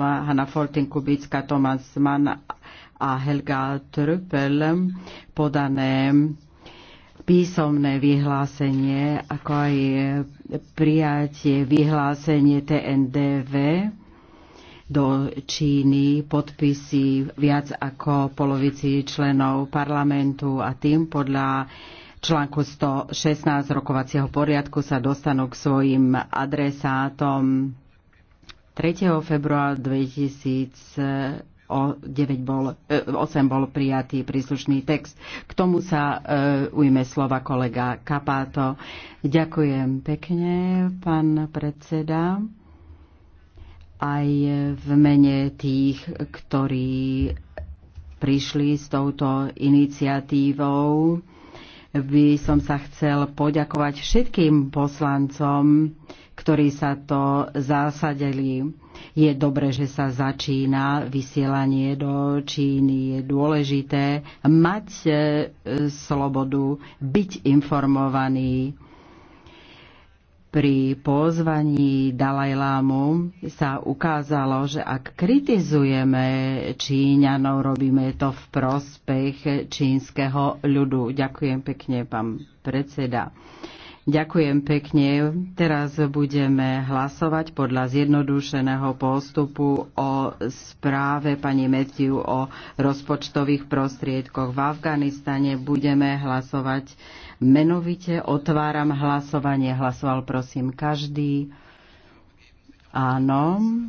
Hanna Foltin-Kubická, Tomás Mann a Helga Trüppel podané písomné vyhlásenie, ako aj prijatie vyhlásenie TNDV do Číny podpisy viac ako polovici členov parlamentu a tým podľa článku 116 rokovacieho poriadku sa dostanú k svojim adresátom. 3. februára 2009 bol, 8 e, bol prijatý príslušný text. K tomu sa e, ujme slova kolega Kapáto. Ďakujem pekne, pán predseda. Aj v mene tých, ktorí prišli s touto iniciatívou, by som sa chcel poďakovať všetkým poslancom, ktorí sa to zásadili. Je dobre, že sa začína vysielanie do Číny. Je dôležité mať e, slobodu, byť informovaný pri pozvaní Dalajlámu sa ukázalo, že ak kritizujeme Číňanov, robíme to v prospech čínskeho ľudu. Ďakujem pekne, pán predseda. Ďakujem pekne. Teraz budeme hlasovať podľa zjednodušeného postupu o správe pani Metiu o rozpočtových prostriedkoch v Afganistane. Budeme hlasovať menovite. Otváram hlasovanie. Hlasoval prosím každý. Áno.